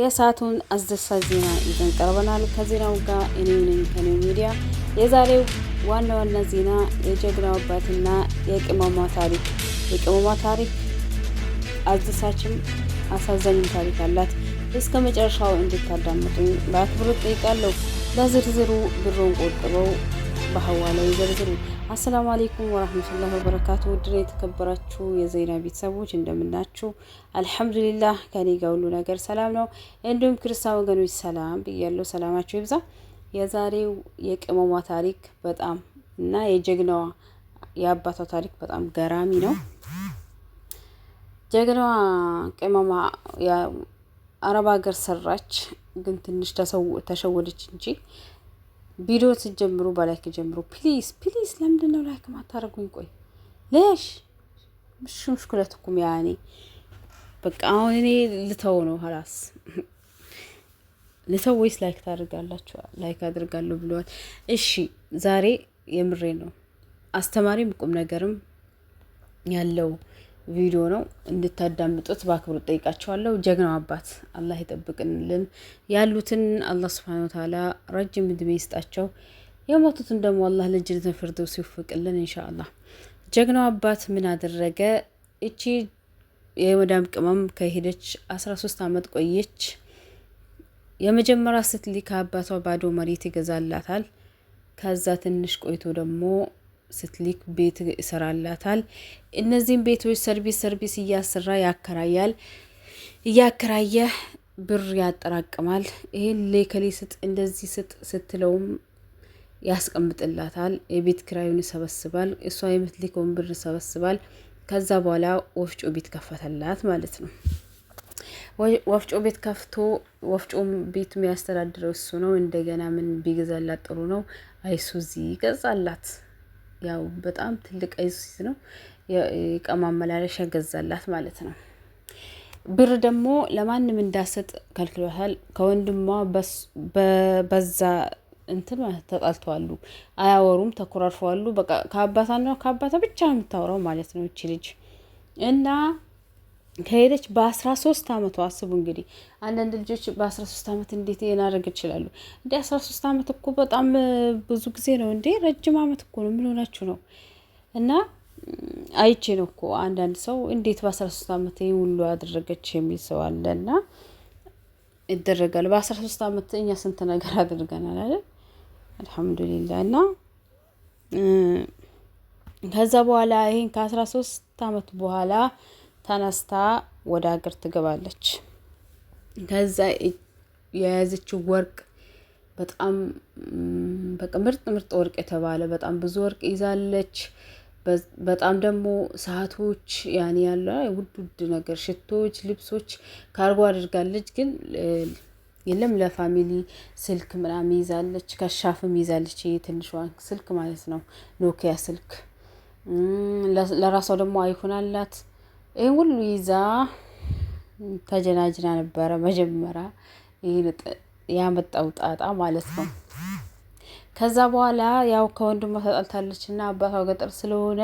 የሰዓቱን አስደሳች ዜና ይዘን ቀርበናል። ከዜናው ጋር እኔ ነኝ ከኔው ሚዲያ። የዛሬው ዋና ዋና ዜና የጀግናው አባትና የቅመሟ ታሪክ። የቅመሟ ታሪክ አስደሳችም አሳዛኝም ታሪክ አላት። እስከ መጨረሻው እንድታዳምጡ በአክብሮት ጠይቃለሁ። ለዝርዝሩ ብሮን ቆጥበው በሀዋ ላይ ዘርዝሩ። አሰላሙ አሌይኩም ወረህመቱላህ ወበረካቱ። ውድር የተከበራችሁ የዜና ቤተሰቦች እንደምናችሁ? አልሐምዱሊላህ ከኔ ጋ ሁሉ ነገር ሰላም ነው። እንዲሁም ክርስቲያን ወገኖች ሰላም ብያለሁ፣ ሰላማችሁ ይብዛ። የዛሬው የቅመሟ ታሪክ በጣም እና የጀግናዋ የአባቷ ታሪክ በጣም ገራሚ ነው። ጀግናዋ ቅመማ አረብ ሀገር ሰራች፣ ግን ትንሽ ተሸወደች እንጂ ቪዲዮ ስትጀምሩ በላይክ ጀምሩ ፕሊዝ ፕሊዝ። ለምንድን ነው ላይክ ማታደርጉኝ? ቆይ ለሽ ምሽምሽኩለት እኩም ያኔ በቃ አሁን እኔ ልተው ነው ሀላስ ልተው ወይስ ላይክ ታደርጋላችሁ? ላይክ አድርጋለሁ ብለዋል። እሺ ዛሬ የምሬ ነው አስተማሪም ቁም ነገርም ያለው ቪዲዮ ነው እንድታዳምጡት በአክብሮት ጠይቃቸዋለሁ። ጀግናው አባት አላህ ይጠብቅልን። ያሉትን አላህ ስብሐነሁ ወተዓላ ረጅም እድሜ ይስጣቸው። የሞቱትን ደግሞ አላህ ለጀነቱል ፊርደውስ ይወፍቅልን ኢንሻአላህ። ጀግናው አባት ምን አደረገ? እቺ የመዳም ቅመም ከሄደች 13 ዓመት ቆየች። የመጀመሪያ ስትልክ አባቷ ባዶ መሬት ይገዛላታል። ከዛ ትንሽ ቆይቶ ደግሞ ስትሊክ ቤት ይሰራላታል። እነዚህም ቤቶች ሰርቪስ ሰርቪስ እያሰራ ያከራያል። እያከራየ ብር ያጠራቅማል። ይሄን ለከሌ ስጥ እንደዚህ ስጥ ስትለውም ያስቀምጥላታል። የቤት ክራዩን ይሰበስባል። እሷ የምትሊከውን ብር ይሰበስባል። ከዛ በኋላ ወፍጮ ቤት ከፈተላት ማለት ነው። ወፍጮ ቤት ከፍቶ ወፍጮ ቤት የሚያስተዳድረው እሱ ነው። እንደገና ምን ቢገዛላት ጥሩ ነው? አይሱዚ ይገዛላት። ያው በጣም ትልቅ አይሱስ ነው። የእቃ ማመላለሻ ገዛላት ማለት ነው። ብር ደግሞ ለማንም እንዳሰጥ ከልክሏታል። ከወንድሟ በዛ እንትን ማለት ተጣልተዋሉ። አያወሩም፣ ተኮራርፈዋሉ። በቃ ከአባታ ነው ከአባታ ብቻ ነው የምታወራው ማለት ነው እቺ ልጅ እና ከሄደች በ13 ዓመቱ አስቡ እንግዲህ አንዳንድ ልጆች በ13 ዓመት እንዴት ናደርግ ይችላሉ? እንዲ 13 ዓመት እኮ በጣም ብዙ ጊዜ ነው እንዴ! ረጅም አመት እኮ ነው። ምን ነው? እና አይቼ ነው እኮ አንዳንድ ሰው እንዴት በ13 ዓመት ይህ ሁሉ አደረገች የሚል ሰው አለ። እና ይደረጋል። በ13 ዓመት እኛ ስንት ነገር አድርገናል አለ አልሐምዱሊላህ። እና ከዛ በኋላ ይህን ከ13 ዓመት በኋላ ተነስታ ወደ ሀገር ትገባለች። ከዛ የያዘችው ወርቅ በጣም በቃ ምርጥ ምርጥ ወርቅ የተባለ በጣም ብዙ ወርቅ ይዛለች። በጣም ደግሞ ሰዓቶች ያን ያለ ውድ ውድ ነገር ሽቶች፣ ልብሶች ካርጎ አድርጋለች። ግን የለም ለፋሚሊ ስልክ ምናምን ይዛለች፣ ከሻፍም ይዛለች። ይሄ ስልክ ማለት ነው ኖኪያ ስልክ። ለራሷ ደግሞ አይሆናላት። ይህ ሁሉ ይዛ ተጀናጅና ነበረ መጀመሪያ ያመጣው ጣጣ ማለት ነው። ከዛ በኋላ ያው ከወንድሟ ተጣልታለች እና አባቷ ገጠር ስለሆነ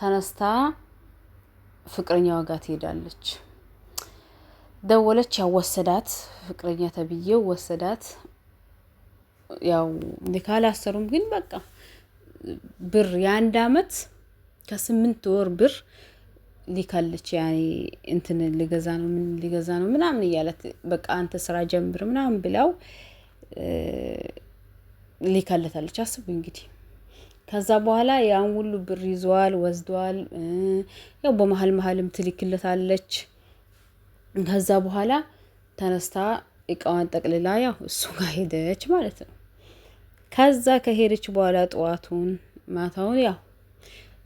ተነስታ ፍቅረኛዋ ጋር ትሄዳለች። ደወለች። ያው ወሰዳት፣ ፍቅረኛ ተብዬው ወሰዳት። ያው ካላሰሩም ግን በቃ ብር የአንድ አመት ከስምንት ወር ብር ሊካለች ያኔ እንትን ሊገዛ ነው ምን ሊገዛ ነው ምናምን እያለት በቃ አንተ ስራ ጀምር ምናምን ብለው ሊካለታለች። አስቡ እንግዲህ ከዛ በኋላ ያን ሁሉ ብር ይዟል ወስዷል። ያው በመሀል መሀልም ትልክለታለች። ከዛ በኋላ ተነስታ እቃዋን ጠቅልላ ያው እሱ ጋር ሄደች ማለት ነው። ከዛ ከሄደች በኋላ ጠዋቱን ማታውን ያው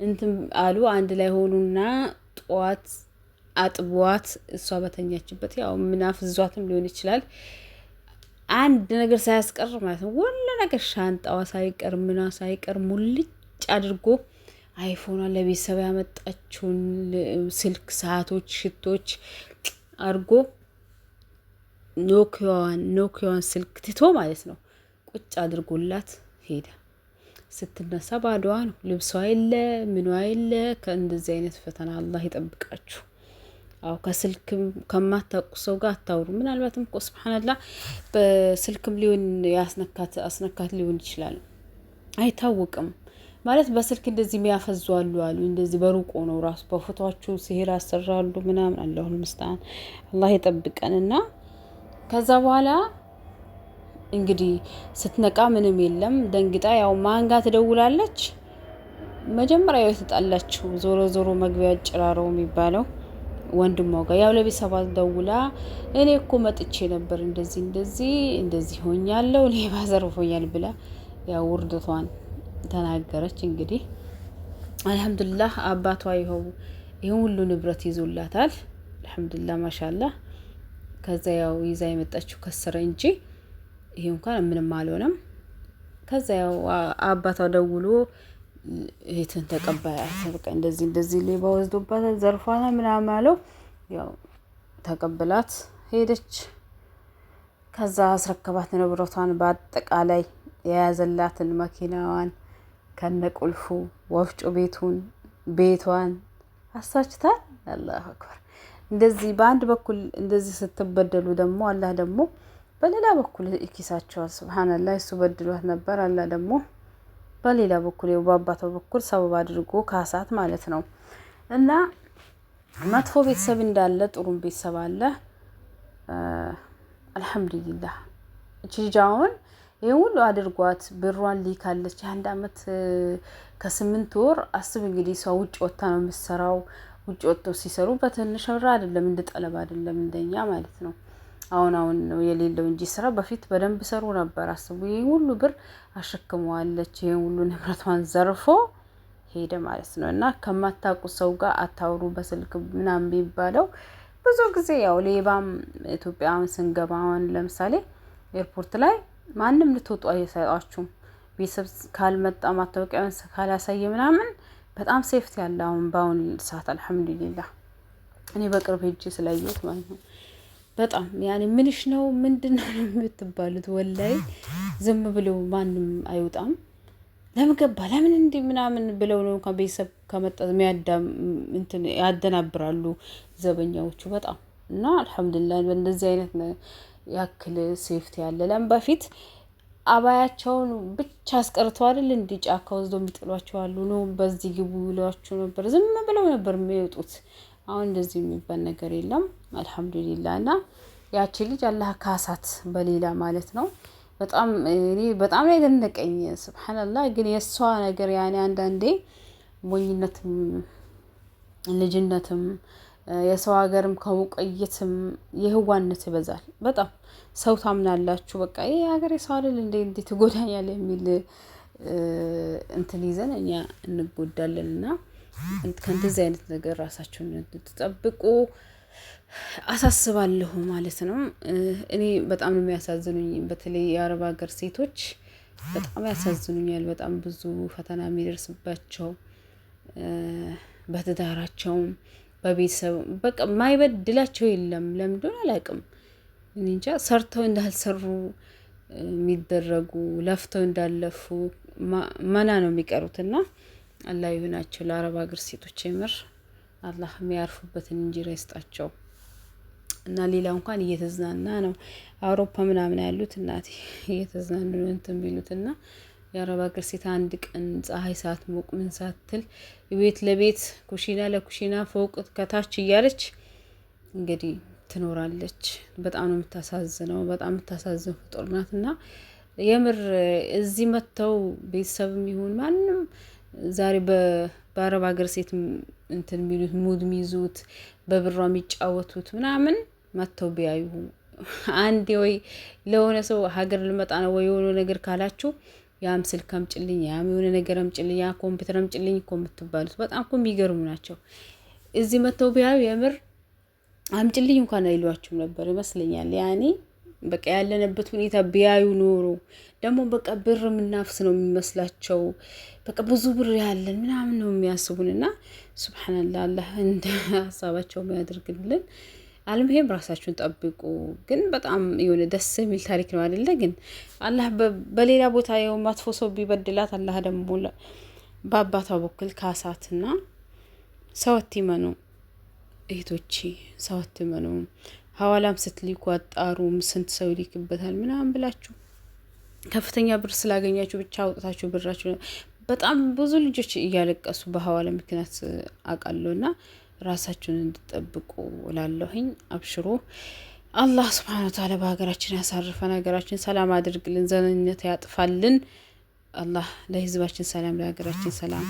እንትን አሉ አንድ ላይ ሆኑና ጠዋት አጥቧት እሷ በተኛችበት ያው ምናፍ ዟትም ሊሆን ይችላል አንድ ነገር ሳያስቀር ማለት ነው። ወላ ነገር ሻንጣዋ ሳይቀር ምና ሳይቀር ሙልጭ አድርጎ አይፎኗ ለቤተሰብ ያመጣችውን ስልክ፣ ሰዓቶች፣ ሽቶች አድርጎ ኖኪያዋን ኖኪያዋን ስልክ ትቶ ማለት ነው ቁጭ አድርጎላት ሄዳ ስትነሳ ባዶዋ ነው። ልብሷ የለ ምኗ የለ። ከእንደዚህ አይነት ፈተና አላህ ይጠብቃችሁ። አዎ ከስልክም ከማታውቁ ሰው ጋር አታውሩ። ምናልባትም እኮ ስብሓንላ በስልክም ሊሆን ያስነካት አስነካት ሊሆን ይችላል፣ አይታወቅም ማለት በስልክ እንደዚህ የሚያፈዙ አሉ አሉ። እንደዚህ በሩቆ ነው ራሱ በፎቶችሁ ሲሄር አሰራሉ ምናምን አለሁን ምስታን አላህ የጠብቀን እና ከዛ በኋላ እንግዲህ ስትነቃ ምንም የለም። ደንግጣ ያው ማንጋ ትደውላለች። መጀመሪያ የተጣላችው ዞሮ ዞሮ መግቢያ ጭራሮ የሚባለው ወንድሟ ጋር ያው ለቤተሰባ ደውላ እኔ እኮ መጥቼ ነበር እንደዚህ እንደዚህ እንደዚህ ሆኛለሁ ሌባ ዘርፎኛል ብላ ያው ውርደቷን ተናገረች። እንግዲህ አልሐምዱሊላህ አባቷ ይኸው ይህን ሁሉ ንብረት ይዞላታል። አልሐምዱሊላህ ማሻላህ። ከዛ ያው ይዛ የመጣችው ከሰረ እንጂ ይሄ እንኳን ምንም አልሆነም። ከዛ ያው አባቷ ደውሎ እህትን ተቀባያት በቃ እንደዚህ እንደዚህ ሌባ ወስዶባታል ዘርፏና ምናምን አለው። ያው ተቀብላት ሄደች። ከዛ አስረከባት ንብረቷን በአጠቃላይ የያዘላትን መኪናዋን ከነቁልፉ ወፍጮ ቤቱን ቤቷን አሳችታል። አላሁ አክበር። እንደዚህ በአንድ በኩል እንደዚህ ስትበደሉ ደግሞ አላህ ደግሞ በሌላ በኩል ይኪሳቸዋል። ስብሓንላ እሱ በድሏት ነበር። አለ ደግሞ በሌላ በኩል ው በአባታው በኩል ሰበብ አድርጎ ካሳት ማለት ነው። እና መጥፎ ቤተሰብ እንዳለ ጥሩም ቤተሰብ አለ። አልሐምዱሊላህ እች ልጅ አሁን ይህ ሁሉ አድርጓት ብሯን ሊካለች የአንድ አመት ከስምንት ወር አስብ እንግዲህ ሰው ውጭ ወጥታ ነው የምትሰራው። ውጭ ወጥተው ሲሰሩ በትንሽ ብር አይደለም እንደ ጠለብ አይደለም እንደኛ ማለት ነው አሁን አሁን ነው የሌለው እንጂ ስራ በፊት በደንብ ሰሩ ነበር። አስቡ፣ ይህን ሁሉ ብር አሸክመዋለች። ይህን ሁሉ ንብረቷን ዘርፎ ሄደ ማለት ነው። እና ከማታውቁ ሰው ጋር አታውሩ በስልክ ምናምን ቢባለው ብዙ ጊዜ ያው ሌባም ኢትዮጵያን ስንገባ አሁን ለምሳሌ ኤርፖርት ላይ ማንም ልትወጡ አይሰጣችሁም። ቤተሰብ ካልመጣ ማታወቂያን ካላሳየ ምናምን በጣም ሴፍቲ ያለ አሁን በአሁን ሰዓት አልሐምዱሊላህ እኔ በቅርብ ሄጄ ስላየሁት ማለት ነው። በጣም ያኔ ምንሽ ነው ምንድን ነው የምትባሉት? ወላይ ዝም ብሎ ማንም አይወጣም። ለምን ገባ ለምን እንዲ ምናምን ብለው ነው እንኳን ቤተሰብ ከመጣ ያደናብራሉ ዘበኛዎቹ በጣም እና አልሐምዱላ በእንደዚህ አይነት ያክል ሴፍቲ ያለ። ለምን በፊት አባያቸውን ብቻ አስቀርቶ አይደል እንዲ ጫካ ወስዶ የሚጥሏቸው አሉ ነው። በዚህ ግቡ ይሏቸው ነበር። ዝም ብለው ነበር የሚወጡት አሁን እንደዚህ የሚባል ነገር የለም። አልሐምዱሊላ እና ያቺ ልጅ አላህ ካሳት በሌላ ማለት ነው። በጣም እኔ በጣም ላይ ደነቀኝ። ስብሓንላህ ግን የእሷ ነገር ያኔ አንዳንዴ ሞኝነትም ልጅነትም የሰው ሀገርም ከውቀይትም የህዋነት ይበዛል። በጣም ሰው ታምናላችሁ። በቃ ይህ ሀገር የሰው አይደል እንዴ እንዴት ጎዳኛል የሚል እንትን ይዘን እኛ እንጎዳለን እና ከእንደዚህ አይነት ነገር ራሳችሁን እንድትጠብቁ አሳስባለሁ ማለት ነው። እኔ በጣም ነው የሚያሳዝኑኝ፣ በተለይ የአረብ ሀገር ሴቶች በጣም ያሳዝኑኛል። በጣም ብዙ ፈተና የሚደርስባቸው በትዳራቸውም በቤተሰብ በቃ ማይበድላቸው የለም። ለምንድን አላውቅም እንጃ። ሰርተው እንዳልሰሩ የሚደረጉ ለፍተው እንዳለፉ መና ነው የሚቀሩትና አላህ ይሁናቸው ለአረብ ሀገር ሴቶች የምር አላህ የሚያርፉበትን እንጀራ ይስጣቸው። እና ሌላ እንኳን እየተዝናና ነው አውሮፓ ምናምን ያሉት እናቴ እየተዝናኑ እንትን ቢሉት እና የአረብ ሀገር ሴት አንድ ቀን ፀሐይ ሰዓት ሞቅ ምን ሳትል ቤት ለቤት ኩሽና ለኩሽና ፎቅ ከታች እያለች እንግዲህ ትኖራለች። በጣም ነው የምታሳዝነው። በጣም የምታሳዝን ፍጡር ናት እና የምር እዚህ መጥተው ቤተሰብም ይሁን ማንም ዛሬ በአረብ ሀገር ሴት እንትን የሚሉት ሙድ የሚይዙት በብሯ የሚጫወቱት ምናምን መጥተው ቢያዩ አንዴ ወይ ለሆነ ሰው ሀገር ልመጣ ነው ወይ የሆነ ነገር ካላችሁ ያም ስልክ አምጭልኝ፣ ያም የሆነ ነገር አምጭልኝ፣ ያ ኮምፒውተር አምጭልኝ እኮ የምትባሉት በጣም እኮ የሚገርሙ ናቸው። እዚህ መጥተው ቢያዩ የምር አምጭልኝ እንኳን አይሏችሁም ነበር ይመስለኛል ያኔ በቃ ያለንበት ሁኔታ ቢያዩ ኖሮ ደግሞ በቃ ብር ምናፍስ ነው የሚመስላቸው። በቃ ብዙ ብር ያለን ምናምን ነው የሚያስቡን እና ስብሓንላ አላህ እንደ ሀሳባቸው ያደርግልን። አለም ይሄም ራሳችሁን ጠብቁ። ግን በጣም የሆነ ደስ የሚል ታሪክ ነው አደለ? ግን አላህ በሌላ ቦታ የው ማጥፎ ሰው ቢበድላት አላህ ደግሞ በአባቷ በኩል ካሳትና ሰወት ይመኑ እህቶቼ፣ ሰወት ይመኑ። ሀዋላም ስትሊኩ አጣሩም ስንት ሰው ይልክበታል ምናምን ብላችሁ ከፍተኛ ብር ስላገኛችሁ ብቻ አውጥታችሁ ብራችሁ በጣም ብዙ ልጆች እያለቀሱ በሀዋላ ምክንያት አውቃለሁ እና ራሳችሁን እንድጠብቁ ላለሁኝ አብሽሮ አላህ ስብሓን ታላ በሀገራችን ያሳርፈን፣ ሀገራችን ሰላም አድርግልን፣ ዘረኝነት ያጥፋልን። አላህ ለህዝባችን ሰላም፣ ለሀገራችን ሰላም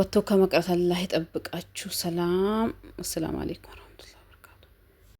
ወጥቶ ከመቅረት አላህ ይጠብቃችሁ። ሰላም። አሰላሙ አሌይኩም።